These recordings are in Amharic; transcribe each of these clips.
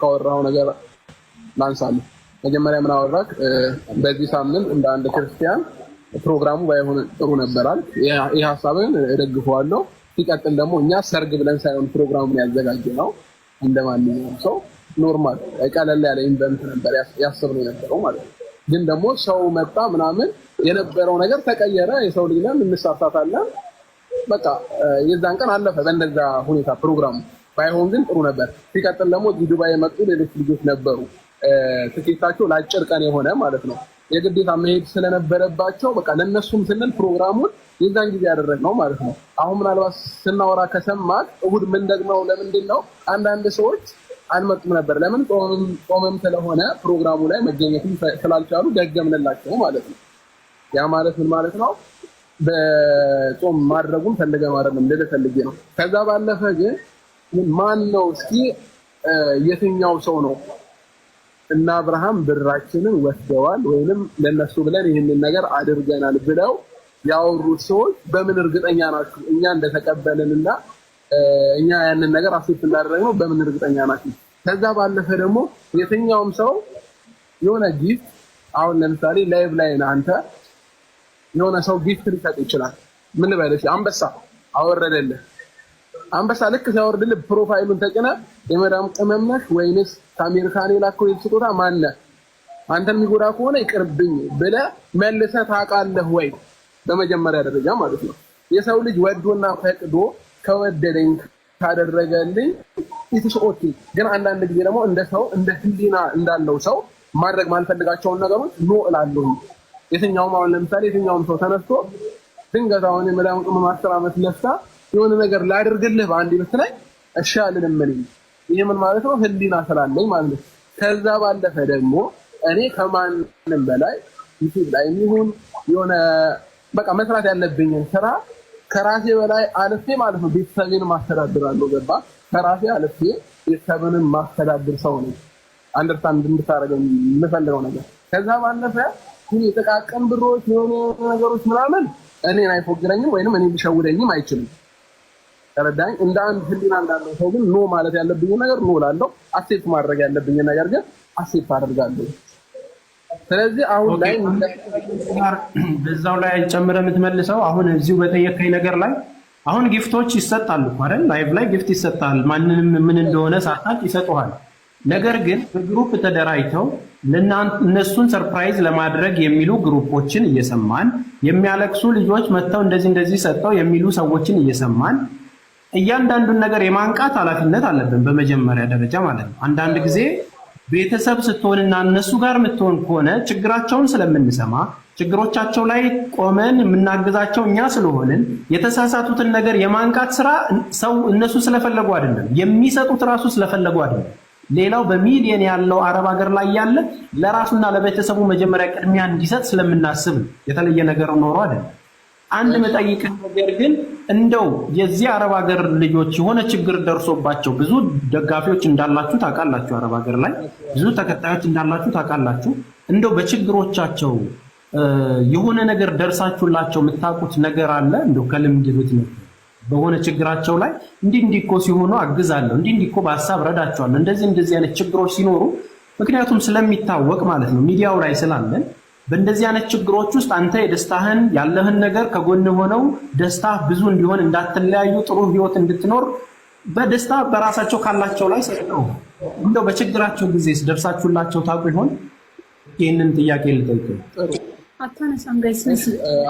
ካወራው ነገር ላንሳለሁ። መጀመሪያ ምን አወራክ? በዚህ ሳምንት እንደ አንድ ክርስቲያን ፕሮግራሙ ባይሆን ጥሩ ነበራል። ይህ ሀሳብን እደግፈዋለሁ። ሲቀጥል ደግሞ እኛ ሰርግ ብለን ሳይሆን ፕሮግራሙን ያዘጋጀ ነው እንደ ማንኛውም ሰው ኖርማል ቀለል ያለ ኢንቨንት ነበር ነው የነበረው ማለት ነው። ግን ደግሞ ሰው መጣ ምናምን የነበረው ነገር ተቀየረ። የሰው ልጅ ነን እንሳሳታለን። በቃ የዛን ቀን አለፈ በእንደዛ ሁኔታ ፕሮግራሙ ባይሆን ግን ጥሩ ነበር። ሲቀጥል ደግሞ ዱባይ የመጡ ሌሎች ልጆች ነበሩ። ትኬታቸው ለአጭር ቀን የሆነ ማለት ነው። የግዴታ መሄድ ስለነበረባቸው በቃ ለእነሱም ስንል ፕሮግራሙን የዛን ጊዜ ያደረግነው ማለት ነው። አሁን ምናልባት ስናወራ ከሰማት እሁድ ምንደግመው ለምንድን ነው አንዳንድ ሰዎች አልመጡም ነበር። ለምን ጾምም ስለሆነ ፕሮግራሙ ላይ መገኘትም ስላልቻሉ ደገምንላቸው ማለት ነው። ያ ማለት ምን ማለት ነው? በጾም ማድረጉን ፈልገ ማድረግ ልፈልጌ ነው። ከዛ ባለፈ ግን ማን ነው እስኪ የትኛው ሰው ነው እና አብርሃም ብራችንን ወስደዋል ወይንም ለነሱ ብለን ይህንን ነገር አድርገናል ብለው ያወሩት ሰዎች በምን እርግጠኛ ናችሁ? እኛ እንደተቀበለንና እኛ ያንን ነገር አሴት እንዳደረግነው በምን እርግጠኛ ናችሁ? ከዛ ባለፈ ደግሞ የትኛውም ሰው የሆነ ጊፍት አሁን ለምሳሌ ላይቭ ላይ አንተ የሆነ ሰው ጊፍት ሊሰጥ ይችላል። ምን በለሽ አንበሳ አወረደልህ አንበሳ ልክ ሲያወርድል ፕሮፋይሉን ተጭነ የመዳም ቅመም ነሽ ወይንስ ከአሜሪካን የላከው ስጦታ ማነ አንተን የሚጎዳ ከሆነ ይቅርብኝ ብለ መልሰ ታውቃለህ ወይ? በመጀመሪያ ደረጃ ማለት ነው። የሰው ልጅ ወዶና ፈቅዶ ከወደደኝ ካደረገልኝ ኢትስ ኦኬ። ግን አንዳንድ ጊዜ ደግሞ እንደ ሰው እንደ ህሊና እንዳለው ሰው ማድረግ ማልፈልጋቸውን ነገሮች ኖ እላለሁ። የትኛውም አሁን ለምሳሌ የትኛውም ሰው ተነስቶ ድንገት አሁን የመዳም ቅመም አስር ዓመት ለፍታ የሆነ ነገር ላድርግልህ በአንድ ብትለኝ እሺ ምን ይሄ ምን ማለት ነው? ህሊና ስላለኝ ማለት ነው። ከዛ ባለፈ ደግሞ እኔ ከማንም በላይ ዩቲብ ላይ የሚሆን የሆነ በቃ መስራት ያለብኝን ስራ ከራሴ በላይ አልፌ ማለት ነው ቤተሰብን ማስተዳድራለሁ። ገባ? ከራሴ አልፌ ቤተሰብንም ማስተዳድር ሰው ነኝ። አንደርስታንድ እንድታደረገ የምፈልገው ነገር ከዛ ባለፈ ይህ የጥቃቅን ብሮች የሆኑ ነገሮች ምናምን እኔን አይፎግረኝም ወይም እኔ ሊሸውደኝም አይችልም። ተረዳኝ። እንደ አንድ ህሊና እንዳለው ሰው ግን ኖ ማለት ያለብኝ ነገር ኖ ላለው፣ አሴት ማድረግ ያለብኝ ነገር ግን አሴት አደርጋለሁ። ስለዚህ አሁን ላይ በዛው ላይ ጨምረ የምትመልሰው አሁን እዚሁ በጠየቀኝ ነገር ላይ አሁን ጊፍቶች ይሰጣሉ አይደል? ላይቭ ላይ ጊፍት ይሰጣል። ማንንም ምን እንደሆነ ሳታቅ ይሰጡሃል። ነገር ግን በግሩፕ ተደራጅተው እነሱን ሰርፕራይዝ ለማድረግ የሚሉ ግሩፖችን እየሰማን የሚያለቅሱ ልጆች መጥተው እንደዚህ እንደዚህ ሰጠው የሚሉ ሰዎችን እየሰማን እያንዳንዱን ነገር የማንቃት ኃላፊነት አለብን፣ በመጀመሪያ ደረጃ ማለት ነው። አንዳንድ ጊዜ ቤተሰብ ስትሆንና እነሱ ጋር የምትሆን ከሆነ ችግራቸውን ስለምንሰማ ችግሮቻቸው ላይ ቆመን የምናግዛቸው እኛ ስለሆንን የተሳሳቱትን ነገር የማንቃት ስራ ሰው እነሱ ስለፈለጉ አይደለም የሚሰጡት ራሱ ስለፈለጉ አይደለም። ሌላው በሚሊየን ያለው አረብ ሀገር ላይ ያለ ለራሱና ለቤተሰቡ መጀመሪያ ቅድሚያ እንዲሰጥ ስለምናስብ ነው። የተለየ ነገር ኖሮ አይደለም። አንድ መጠይቅ ነገር ግን እንደው የዚህ አረብ ሀገር ልጆች የሆነ ችግር ደርሶባቸው ብዙ ደጋፊዎች እንዳላችሁ ታውቃላችሁ፣ አረብ ሀገር ላይ ብዙ ተከታዮች እንዳላችሁ ታውቃላችሁ። እንደው በችግሮቻቸው የሆነ ነገር ደርሳችሁላቸው የምታውቁት ነገር አለ? እንደው ከልምድ ቤት ነው በሆነ ችግራቸው ላይ እንዲህ እንዲኮ ሲሆኑ አግዛለሁ፣ እንዲህ እንዲኮ በሀሳብ ረዳቸዋለሁ፣ እንደዚህ እንደዚህ አይነት ችግሮች ሲኖሩ ምክንያቱም ስለሚታወቅ ማለት ነው ሚዲያው ላይ ስላለን በእንደዚህ አይነት ችግሮች ውስጥ አንተ የደስታህን ያለህን ነገር ከጎን ሆነው ደስታ ብዙ እንዲሆን እንዳትለያዩ፣ ጥሩ ህይወት እንድትኖር በደስታ በራሳቸው ካላቸው ላይ ሰጠው። እንደው በችግራቸው ጊዜ ደርሳችሁላቸው ታውቁ ይሆን? ይህንን ጥያቄ ልጠይቅ።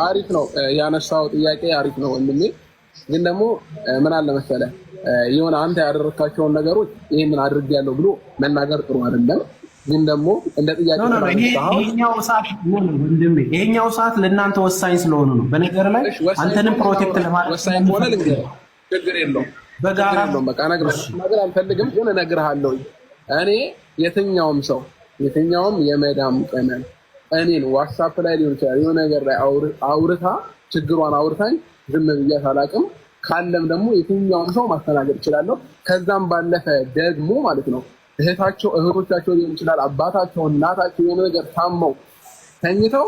አሪፍ ነው ያነሳው ጥያቄ አሪፍ ነው ወንድሜ። ግን ደግሞ ምን አለ መሰለህ የሆነ አንተ ያደረካቸውን ነገሮች ይህንን ያለው ብሎ መናገር ጥሩ አይደለም። ግን ደግሞ እንደ ጥያቄ ይሄኛው ሰዓት ለእናንተ ወሳኝ ስለሆኑ ነው። በነገር ላይ አንተንም ፕሮቴክት ለማድረግ ወሳኝ ሆነ ልንገር፣ ነገር አልፈልግም፣ ግን እነግርሃለሁ። እኔ የትኛውም ሰው የትኛውም የመዳም ቀመን እኔን ዋትሳፕ ላይ ሊሆን ይችላል የሆነ ነገር ላይ አውርታ ችግሯን አውርታኝ ዝም ብያት አላውቅም። ካለም ደግሞ የትኛውም ሰው ማስተናገድ እችላለሁ። ከዛም ባለፈ ደግሞ ማለት ነው እህታቸው እህቶቻቸው ሊሆን ይችላል አባታቸው እናታቸው የሆነ ነገር ታመው ተኝተው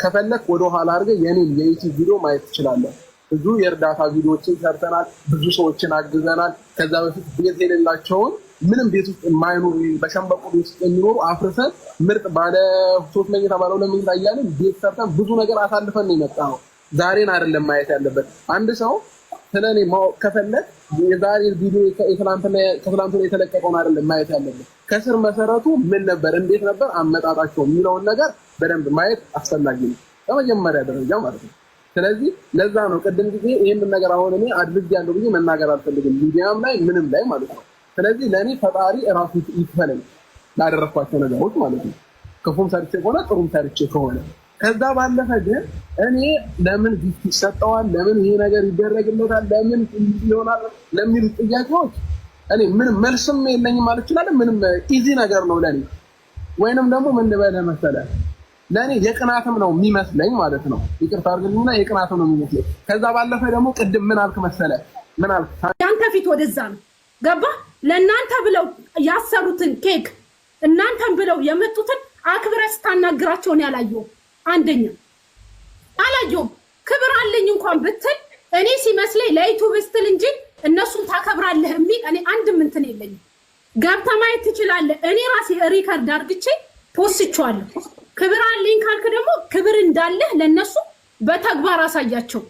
ከፈለክ ወደ ኋላ አድርገህ የኔን የዩቲዩብ ቪዲዮ ማየት ትችላለህ። ብዙ የእርዳታ ቪዲዮዎችን ሰርተናል። ብዙ ሰዎችን አግዘናል። ከዛ በፊት ቤት የሌላቸውን ምንም ቤት ውስጥ የማይኖሩ በሸንበቆ ቤት ውስጥ የሚኖሩ አፍርሰን ምርጥ ባለ ሶስት መኝታ ባለ ሁለት መኝታ እያለን ቤት ሰርተን ብዙ ነገር አሳልፈን ነው የመጣ ነው። ዛሬን አይደለም ማየት ያለበት። አንድ ሰው ስለኔ ማወቅ ከፈለግ የዛሬ ቪዲዮ ከትላንትና የተለቀቀውን አይደለም ማየት ያለብን። ከስር መሰረቱ ምን ነበር፣ እንዴት ነበር አመጣጣቸው የሚለውን ነገር በደንብ ማየት አስፈላጊ ነው፣ በመጀመሪያ ደረጃ ማለት ነው። ስለዚህ ለዛ ነው ቅድም ጊዜ ይህን ነገር አሁን እኔ አድርግ ያለው ጊዜ መናገር አልፈልግም፣ ሚዲያም ላይ ምንም ላይ ማለት ነው። ስለዚህ ለእኔ ፈጣሪ እራሱ ይክፈለኝ ላደረግኳቸው ነገሮች ማለት ነው። ክፉም ሰርቼ ከሆነ ጥሩም ሰርቼ ከሆነ ከዛ ባለፈ ግን እኔ ለምን ጊፍት ይሰጠዋል፣ ለምን ይሄ ነገር ይደረግለታል፣ ለምን ይሆናል ለሚሉ ጥያቄዎች እኔ ምንም መልስም የለኝም ማለት ይችላል። ምንም ኢዚ ነገር ነው ለኔ። ወይንም ደግሞ ምን ልበለ መሰለ ለእኔ የቅናትም ነው የሚመስለኝ ማለት ነው። ይቅርታ አድርግልኝና የቅናትም ነው የሚመስለኝ። ከዛ ባለፈ ደግሞ ቅድም ምን አልክ መሰለ ምን አልክ ያንተ ፊት ወደዛ ነው ገባ። ለእናንተ ብለው ያሰሩትን ኬክ እናንተን ብለው የመጡትን አክብረህ ስታናግራቸውን ያላየው አንደኛ አላየውም። ክብር አለኝ እንኳን ብትል እኔ ሲመስለኝ ለይቱ ብስትል እንጂ እነሱን ታከብራለህ የሚል እኔ አንድም እንትን የለኝም። ገብታ ማየት ትችላለህ። እኔ ራሴ ሪከርድ አርግቼ ፖስትቼዋለሁ። ክብር አለኝ ካልክ ደግሞ ክብር እንዳለህ ለእነሱ በተግባር አሳያቸው።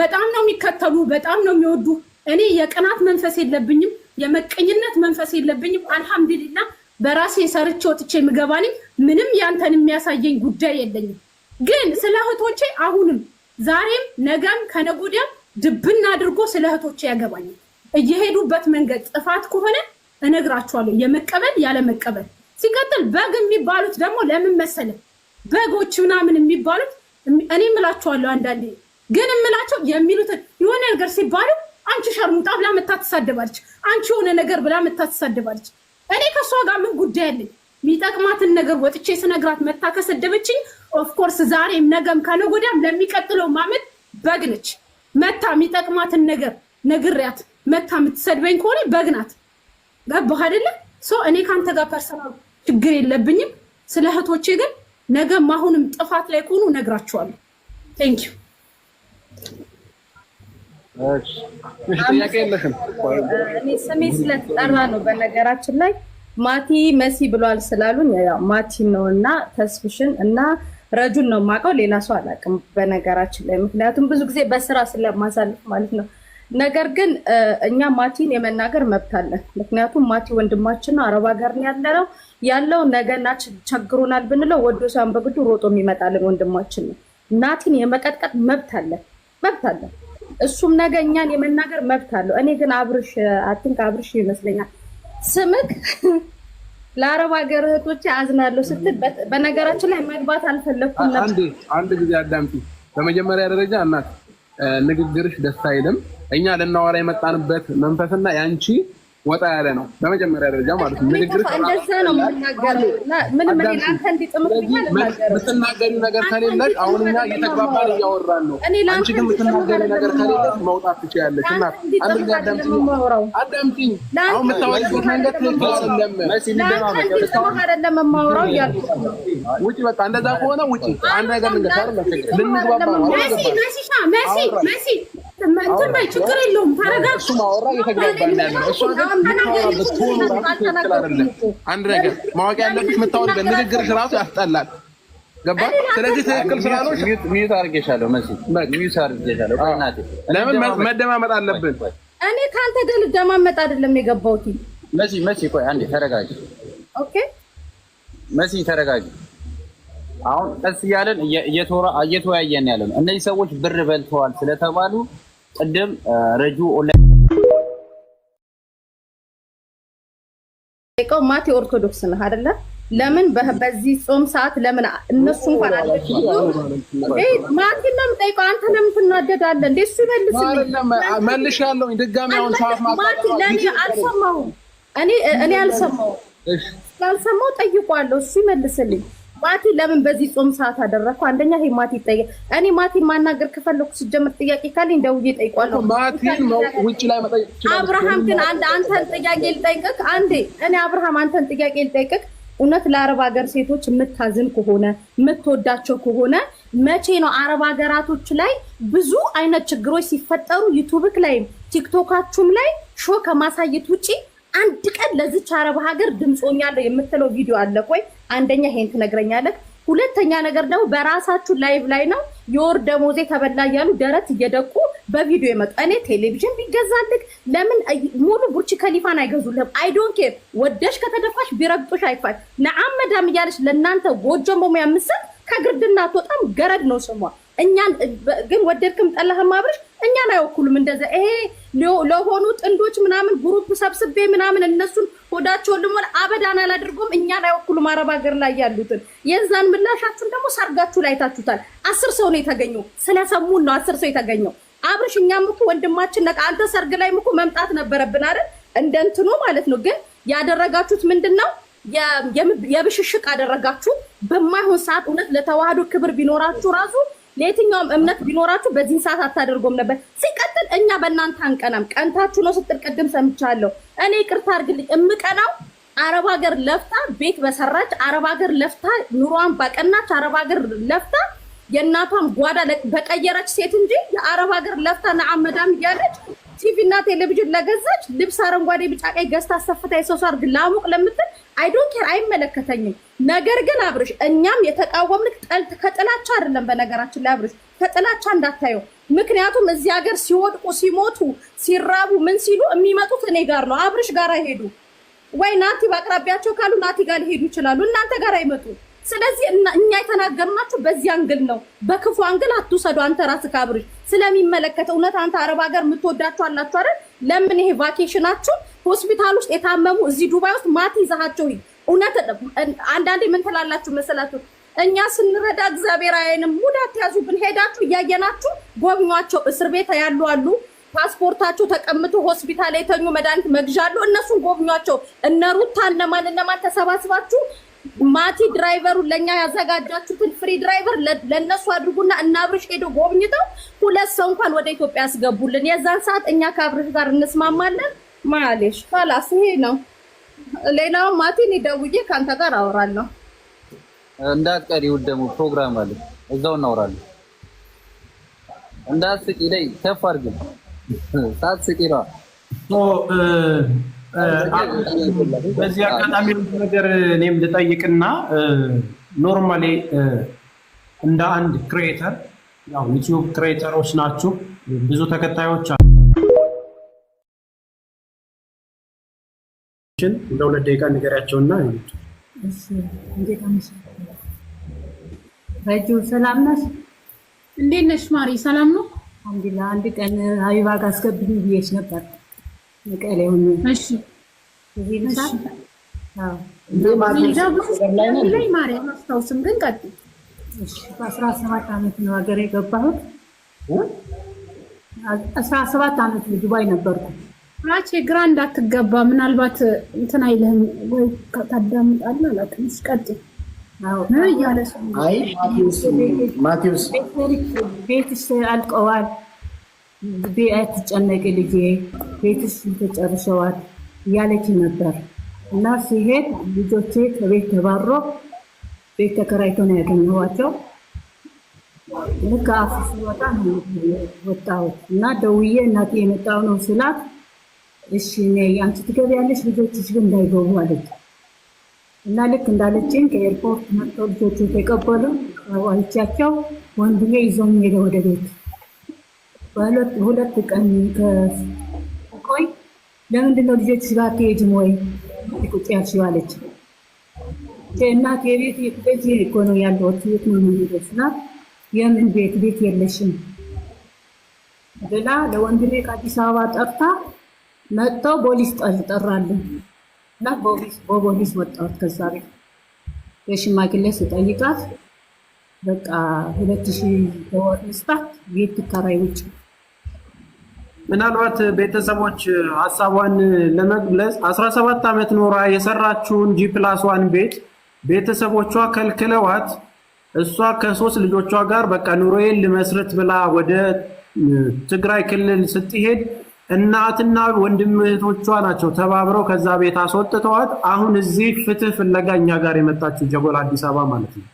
በጣም ነው የሚከተሉ፣ በጣም ነው የሚወዱ። እኔ የቅናት መንፈስ የለብኝም፣ የመቀኝነት መንፈስ የለብኝም። አልሐምዱሊላ በራሴ ሰርቼ ወጥቼ ምገባኔ ምንም ያንተን የሚያሳየኝ ጉዳይ የለኝም። ግን ስለ እህቶቼ አሁንም ዛሬም ነገም ከነገ ወዲያም አድርጎ ስለ እህቶቼ ያገባኛል። እየሄዱበት መንገድ ጥፋት ከሆነ እነግራችኋለሁ፣ የመቀበል ያለመቀበል ሲቀጥል በግ የሚባሉት ደግሞ ለምን መሰለ በጎች ምናምን የሚባሉት እኔ እምላችኋለሁ፣ አንዳንዴ ግን እምላቸው የሚሉትን የሆነ ነገር ሲባሉ አንቺ ሸርሙጣ ብላ መታ ትሳደባለች፣ አንቺ የሆነ ነገር ብላ መታ ትሳደባለች። እኔ ከእሷ ጋር ምን ጉዳይ አለኝ? የሚጠቅማትን ነገር ወጥቼ ስነግራት መታ ከሰደበችኝ ኦፍኮርስ ዛሬም ነገም ካለጎዳም ለሚቀጥለው ማመት በግ ነች። መታ የሚጠቅማትን ነገር ነግሪያት። መታ የምትሰድበኝ ከሆነ በግ ናት። ገባህ አይደለ? እኔ ከአንተ ጋር ፐርሰናል ችግር የለብኝም። ስለ እህቶቼ ግን ነገም አሁንም ጥፋት ላይ ከሆኑ ነግራችኋለሁ። ቴንክ ዩ። ስሜ ስለተጠራ ነው። በነገራችን ላይ ማቲ መሲ ብሏል ስላሉኝ ማቲ ነው እና ተስፍሽን እና ረጁን ነው የማውቀው፣ ሌላ ሰው አላውቅም። በነገራችን ላይ ምክንያቱም ብዙ ጊዜ በስራ ስለማሳልፍ ማለት ነው። ነገር ግን እኛ ማቲን የመናገር መብት አለን። ምክንያቱም ማቲ ወንድማችን ነው፣ አረብ ሀገር ነው ያለነው ያለው ነገና ቸግሮናል ብንለው ወዶ ሳይሆን በግዱ ሮጦ የሚመጣልን ወንድማችን ነው። ናቲን የመቀጥቀጥ መብት አለን መብት አለን። እሱም ነገ እኛን የመናገር መብት አለው። እኔ ግን አብርሽ አትንክ አብርሽ ይመስለኛል ስምክ ለአረብ ሀገር እህቶች አዝናለሁ ስትል፣ በነገራችን ላይ መግባት አልፈለግኩም ነበር። አንድ ጊዜ አዳምጪ። በመጀመሪያ ደረጃ እናት ንግግርሽ ደስ አይልም። እኛ ልናወራ የመጣንበት መንፈስና የአንቺ ወጣ ያለ ነው። በመጀመሪያ ደረጃ ማለት ነው ንግግር ምትናገሪ ነገር ከሌለሽ አሁን እኛ እየተግባባን እያወራን ነው። አንቺ ግን ምትናገሪ ነገር ከሌለሽ መውጣት ትችያለሽ። እና አንድ ጊዜ አዳምጪኝ። አሁን የምታወሪበት መንገድ ትክክል አይደለም። ውጪ፣ በቃ እንደዛ ከሆነ ውጪ። አንድ ነገር ልንገርሽ፣ ልንግባባ ነው ችግር የለውም። እሱ ማወራ አንድ ነገር ማወቅ ያለብሽ የምታወሪበት እራሱ ያስጠላል። ስለዚህ ትክክል ሚዩት አድርጌሻለሁ። ለምን መደማመጥ አለብን? እኔ ከአንተ ጋር ልደማመጥ አይደለም የገባሁት። መሲ መሲ፣ ቆይ አንዴ ተረጋጊ። ኦኬ መሲ ተረጋጊ። አሁን ቀስ እያለን እየተወያየን ያለ ነው። እነዚህ ሰዎች ብር በልተዋል ስለተባሉ ቅድም ረጁ ኦንላይን ማቴ ኦርቶዶክስ ነህ አይደለ? ለምን በዚህ ጾም ሰዓት ለምን እነሱ እንኳን አለች ማቴ ለምን ጠይቀው አንተ ለምን ትናደዳለህ እንዴ? እሱ ይመልስልኝ። መልሻለሁ። ድጋሚ አሁን ሰዓት ማቴ ለእኔ አልሰማሁም። እኔ እኔ አልሰማሁም። ስላልሰማሁ ጠይቋለሁ። እሱ ይመልስልኝ። ማቲ ለምን በዚህ ጾም ሰዓት አደረግኩ? አንደኛ ይሄ ማቲ ይጠይቅ። እኔ ማቲ ማናገር ከፈለኩ ስጀምር ጥያቄ ካለኝ ደውዬ ጠይቋለሁ። ማቲ ውጭ ላይ መጠየቅ አብርሃም ግን አንድ አንተን ጥያቄ ልጠይቅክ። አንዴ እኔ አብርሃም አንተን ጥያቄ ልጠይቅክ። እውነት ለአረብ ሀገር ሴቶች የምታዝን ከሆነ የምትወዳቸው ከሆነ መቼ ነው አረብ ሀገራቶች ላይ ብዙ አይነት ችግሮች ሲፈጠሩ ዩቱብክ ላይም ቲክቶካችሁም ላይ ሾ ከማሳየት ውጪ አንድ ቀን ለዚች አረብ ሀገር ድምፆኛለሁ የምትለው ቪዲዮ አለ ወይ? አንደኛ ይሄን ትነግረኛለህ። ሁለተኛ ነገር ደግሞ በራሳችሁ ላይቭ ላይ ነው የወር ደሞዜ ተበላ እያሉ ደረት እየደቁ በቪዲዮ የመጡ እኔ ቴሌቪዥን ቢገዛልክ ለምን ሙሉ ቡርች ከሊፋን አይገዙልህም? አይዶን ኬር ወደሽ ከተደፋሽ ቢረግጦሽ አይፋል ለአመዳም እያለች ለእናንተ ጎጆ በሙያ ምስል ከግርድና አትወጣም። ገረድ ነው ስሟ። እኛን ግን ወደድክም ጠላህም አብረሽ እኛን አይወኩሉም። እንደዛ ይሄ ለሆኑ ጥንዶች ምናምን ግሩፕ ሰብስቤ ምናምን እነሱን ሆዳቸውን ልሞል አበዳን አላደርጎም። እኛን አይወኩሉም። አረብ ሀገር ላይ ያሉትን የዛን ምላሻችን ደግሞ ሰርጋችሁ ላይ ታችሁታል። አስር ሰው ነው የተገኘው። ስለሰሙን ነው አስር ሰው የተገኘው። አብርሽ እኛም እኮ ወንድማችን ነቃ። አንተ ሰርግ ላይ እኮ መምጣት ነበረብን አይደል? እንደንትኑ ማለት ነው። ግን ያደረጋችሁት ምንድን ነው? የብሽሽቅ አደረጋችሁ። በማይሆን ሰዓት እውነት ለተዋህዶ ክብር ቢኖራችሁ ራሱ ለየትኛውም እምነት ቢኖራችሁ በዚህን ሰዓት አታደርጎም ነበር። ሲቀጥል እኛ በእናንተ አንቀናም። ቀንታችሁ ነው ስትል ቅድም ሰምቻለሁ። እኔ ቅርታ አድርግልኝ፣ እምቀናው አረብ ሀገር ለፍታ ቤት በሰራች አረብ ሀገር ለፍታ ኑሯን ባቀናች አረብ ሀገር ለፍታ የእናቷን ጓዳ በቀየረች ሴት እንጂ የአረብ ሀገር ለፍታ ነአመዳም እያለች ቲቪ እና ቴሌቪዥን ለገዛች ልብስ አረንጓዴ፣ ቢጫ፣ ቀይ ገዝታ አሰፍታ የሰው አርግ ላሙቅ ለምትል አይ ዶንት ኬር አይመለከተኝም። ነገር ግን አብርሽ እኛም የተቃወምን ከጥላቻ አይደለም። በነገራችን ላይ አብርሽ ከጥላቻ እንዳታየው። ምክንያቱም እዚህ ሀገር ሲወድቁ ሲሞቱ ሲራቡ ምን ሲሉ የሚመጡት እኔ ጋር ነው። አብርሽ ጋር አይሄዱ ወይ ናቲ በአቅራቢያቸው ካሉ ናቲ ጋር ሊሄዱ ይችላሉ። እናንተ ጋር አይመጡ ስለዚህ እኛ የተናገርናችሁ በዚህ አንግል ነው። በክፉ አንግል አትውሰዱ። አንተ ራስ ካብሪ ስለሚመለከተ እውነት አንተ አረብ ሀገር የምትወዳችሁ አላችሁ አይደል? ለምን ይሄ ቫኬሽናችሁ ሆስፒታል ውስጥ የታመሙ እዚህ ዱባይ ውስጥ ማት ይዛሃቸው። እውነት አንዳንዴ ምን ትላላችሁ መሰላችሁ? እኛ ስንረዳ እግዚአብሔር አይንም ሙድ አትያዙብን። ሄዳችሁ እያየናችሁ ጎብኟቸው። እስር ቤት ያሉ አሉ ፓስፖርታቸው ተቀምቶ ሆስፒታል የተኙ መድኃኒት መግዣ አሉ። እነሱን ጎብኟቸው። እነ ሩታ እነማን እነማን ተሰባስባችሁ ማቲ ድራይቨሩ ለእኛ ያዘጋጃችሁትን ፍሪ ድራይቨር ለእነሱ አድርጉና እና አብርሽ ሄዶ ጎብኝተው ሁለት ሰው እንኳን ወደ ኢትዮጵያ ያስገቡልን። የዛን ሰዓት እኛ ከአብርሽ ጋር እንስማማለን። ማሌሽ ካላስ ይሄ ነው። ሌላው ማቲን ደውዬ ከአንተ ጋር አወራለሁ። እንዳትቀሪ ውድ ደግሞ ፕሮግራም አለ፣ እዛው እናወራለን። እንዳትስቂ ላይ ከፍ አድርጊ። ሳትስቂ ነው በዚህ አጋጣሚ ነገር እኔም ልጠይቅና ኖርማሊ እንደ አንድ ክሬተር ያው ዩቲዩብ ክሬተሮች ናችሁ፣ ብዙ ተከታዮች እንደ ሁለት ደቂቃ ንገሪያቸውና ረጁ ሰላም ነሽ? እንዴት ነሽ ማሪ? ሰላም ነው። አንድ ቀን ሀቢባ ጋር አስገብኝ ብዬሽ ነበር ማርያም አስታውስም ግን ቀጥ በአስራ ሰባት ዓመት ነው ሀገር የገባሁት። አስራ ሰባት ዓመት ዱባይ ነበርኩ። ራቼ ግራ እንዳትገባ ምናልባት እንትን አይልህም ወይ ታዳምጣለህ አላውቅም። እሺ ቀጥይ። ማቴዎስ ቤትሽ አልቀዋል አትጨነቂ ልጄ ቤትሽ ተጨርሸዋል እያለች ነበር እና ሲሄድ ልጆቼ ከቤት ተባሮ ቤት ተከራይቶ ነው ያገኘኋቸው። ልክ አፍ ስወጣ ወጣሁት እና ደውዬ እናቴ የመጣው ነው ስላት፣ እሺ እኔ አንቺ ትገቢያለሽ ልጆችሽ ግን እንዳይገቡ አለች እና ልክ እንዳለችን ከኤርፖርት መጥተው ልጆቹ ተቀበሉ። አይቻቸው ወንድሜ ይዞኝ ሄደ ወደ ቤት ሁለት ቀን ቆይ፣ ልጆች ጋር አትሄጂም ወይ ቁጭ ያልሽው አለች። እናት የቤት ቤት እኮ ነው ያለሁት ነው የምንሄደው የምን ቤት ቤት የለሽም ብላ ለወንድሜ ከአዲስ አበባ ጠርታ መጥተው ፖሊስ ጠራልን እና በፖሊስ ወጣሁት ከዛ ቤት የሽማግሌ ስጠይቃት በቃ ሁለት ሺህ በወር ምስታት ቤት ትከራይ ውጭ ምናልባት ቤተሰቦች ሀሳቧን ለመግለጽ ሰባት ዓመት ኖራ የሰራችውን ጂፕላስዋን ዋን ቤት ቤተሰቦቿ ከልክለዋት እሷ ከሶስት ልጆቿ ጋር በቃ ኑሮዬን ልመስርት ብላ ወደ ትግራይ ክልል ስትሄድ እናትና ወንድም እህቶቿ ናቸው ተባብረው ከዛ ቤት አስወጥተዋት አሁን እዚህ ፍትህ ፍለጋ እኛ ጋር የመጣችው ጀጎል አዲስ አበባ ማለት ነው።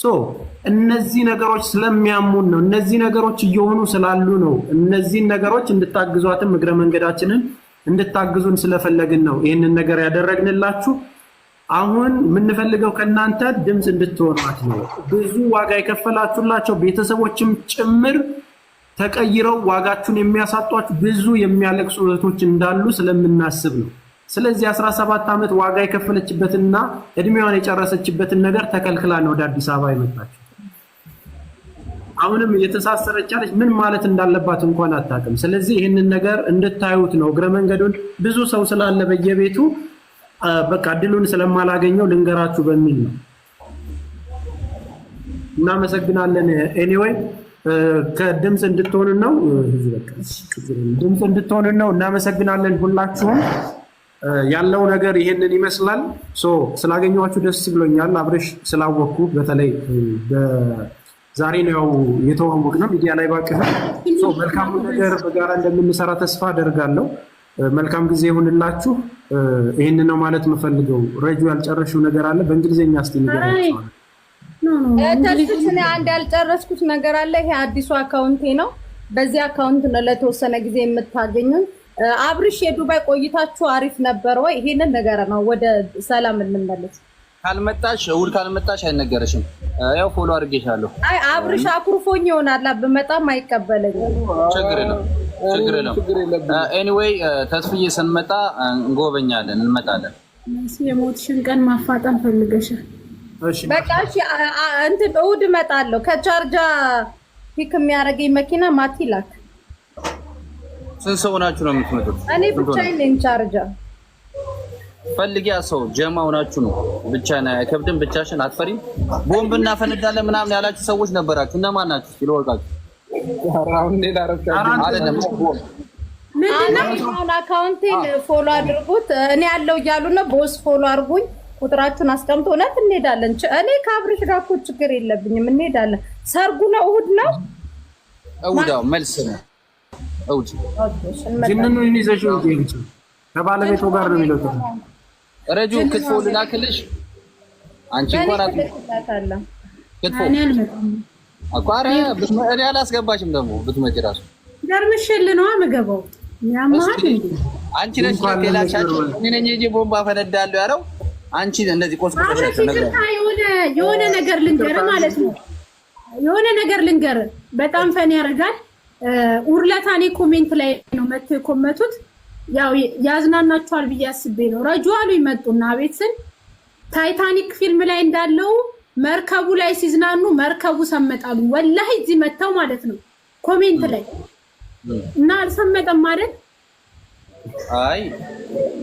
ሶ እነዚህ ነገሮች ስለሚያሙን ነው። እነዚህ ነገሮች እየሆኑ ስላሉ ነው። እነዚህን ነገሮች እንድታግዟትም እግረ መንገዳችንን እንድታግዙን ስለፈለግን ነው ይህንን ነገር ያደረግንላችሁ። አሁን የምንፈልገው ከእናንተ ድምፅ እንድትሆኗት ነው። ብዙ ዋጋ የከፈላችሁላቸው ቤተሰቦችም ጭምር ተቀይረው ዋጋችሁን የሚያሳጧችሁ ብዙ የሚያለቅሱ እህቶች እንዳሉ ስለምናስብ ነው። ስለዚህ 17 ዓመት ዋጋ የከፈለችበትና እድሜዋን የጨረሰችበትን ነገር ተከልክላ ነው ወደ አዲስ አበባ የመጣችው። አሁንም እየተሳሰረች ምን ማለት እንዳለባት እንኳን አታውቅም። ስለዚህ ይህንን ነገር እንድታዩት ነው። እግረ መንገዱን ብዙ ሰው ስላለ በየቤቱ በቃ እድሉን ስለማላገኘው ልንገራችሁ በሚል ነው። እናመሰግናለን። ኤኒዌይ ከድምፅ እንድትሆኑን ነው ድምፅ እንድትሆኑን ነው። እናመሰግናለን ሁላችሁም። ያለው ነገር ይሄንን ይመስላል። ስላገኘኋችሁ ደስ ብሎኛል። አብረሽ ስላወቅኩ በተለይ ዛሬ ነው ያው ነው ሚዲያ ላይ ባቅህ መልካም ነገር በጋራ እንደምንሰራ ተስፋ አደርጋለሁ። መልካም ጊዜ ይሁንላችሁ። ይህን ነው ማለት የምፈልገው። ረጁ ያልጨረሽው ነገር አለ በእንግሊዝኛ ስ ንገሪያቸዋለሁ። አንድ ያልጨረስኩት ነገር አለ። ይሄ አዲሱ አካውንቴ ነው። በዚህ አካውንት ነው ለተወሰነ ጊዜ የምታገኙት። አብርሽ የዱባይ ቆይታችሁ አሪፍ ነበር ወይ? ይሄንን ነገር ነው ወደ ሰላም እንመለስ። ካልመጣሽ እሑድ ካልመጣሽ አይነገረሽም። ያው ፎሎ አድርጌሻለሁ። አይ አብርሽ አኩርፎኝ ይሆናል ብመጣም አይቀበለኝም። ችግር የለም ችግር የለም። ኤኒዌይ ተስፍዬ ስንመጣ እንጎበኛለን፣ እንመጣለን። የሞትሽን ቀን ማፋጠን ፈልገሻል። በቃ እሺ፣ እንትን እሑድ እመጣለሁ። ከቻርጃ ፒክ የሚያደርገኝ መኪና ማቲ ላክ ስንት ሰው ናችሁ ነው የምትመጡት? እኔ ብቻዬን ነኝ። ቻርጃ ፈልጊ ሰው ጀማው ናችሁ ነው ብቻ ነው ከብድን። ብቻሽን አትፈሪም? ቦምብ እናፈነዳለን ምናምን ያላችሁ ሰዎች ነበራችሁ። እነማን ናችሁ? ይልወቃችሁ ምንድነውን አካውንቴን ፎሎ አድርጉት። እኔ ያለው እያሉ ነው ቦስ ፎሎ አድርጉኝ። ቁጥራችሁን አስቀምጦ እውነት እንሄዳለን። እኔ ከአብርሽ ጋር እኮ ችግር የለብኝም። እንሄዳለን። ሰርጉ ነው እሑድ ነው እሑድ መልስ ነው እውጭ ከባለቤቱ ጋር ነው የሚለው። ረጁ ክትፎ ልላክልሽ። አንቺ እንኳን አላስገባሽም። ደግሞ ብትመጪ ራሱ ነው አንቺ ነሽ ነኝ እንጂ ቦምባ ፈነዳለሁ ያለው አንቺ እንደዚህ ቆስ ቆስ የሆነ ነገር ልንገር ማለት ነው። የሆነ ነገር ልንገር በጣም ፈን ያደርጋል ውርለታኔ ኮሜንት ላይ ነው መጥቶ የኮመቱት። ያው ያዝናናችኋል ብዬ አስቤ ነው። ረጁ አሉ ይመጡና ቤት ስል ታይታኒክ ፊልም ላይ እንዳለው መርከቡ ላይ ሲዝናኑ መርከቡ ሰመጣሉ። ወላሂ እዚህ መጥተው ማለት ነው ኮሜንት ላይ እና አልሰመጠም ማለት አይ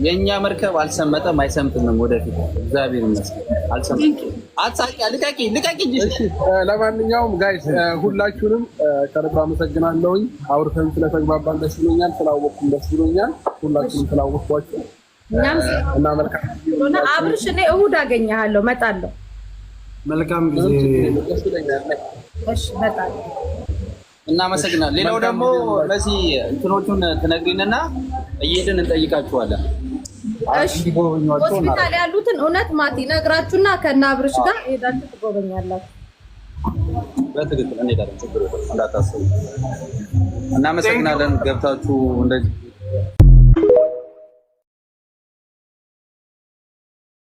የእኛ መርከብ አልሰመጠም፣ አይሰምጥምም። ወደፊት እግዚአብሔር ይመስገን አልሰምጥም። አትሳቂያ ለማንኛውም ጋይስ ሁላችሁንም ከልብ አመሰግናለሁኝ። አውርተን ስለተግባባን ደስ ብሎኛል፣ ስላወቅኩም ደስ ብሎኛል። ሁላችሁም ስላወቅኳችሁ እና መልካም ሆነ። አብርሽ እኔ እሑድ አገኘሃለሁ፣ እመጣለሁ። መልካም ጊዜ። እናመሰግናለን። ሌላው ደግሞ ለዚህ እንትኖቹን ትነግሪንና እየሄድን እንጠይቃችኋለን። ሆስፒታል ያሉትን እውነት ማቲ ነግራችሁና ከእነ አብርሽ ጋር ሄዳችሁ ትጎበኛላችሁ። በትክክል እንሄዳለን። ችግር እንዳታስቡ። እናመሰግናለን። ገብታችሁ እንደዚህ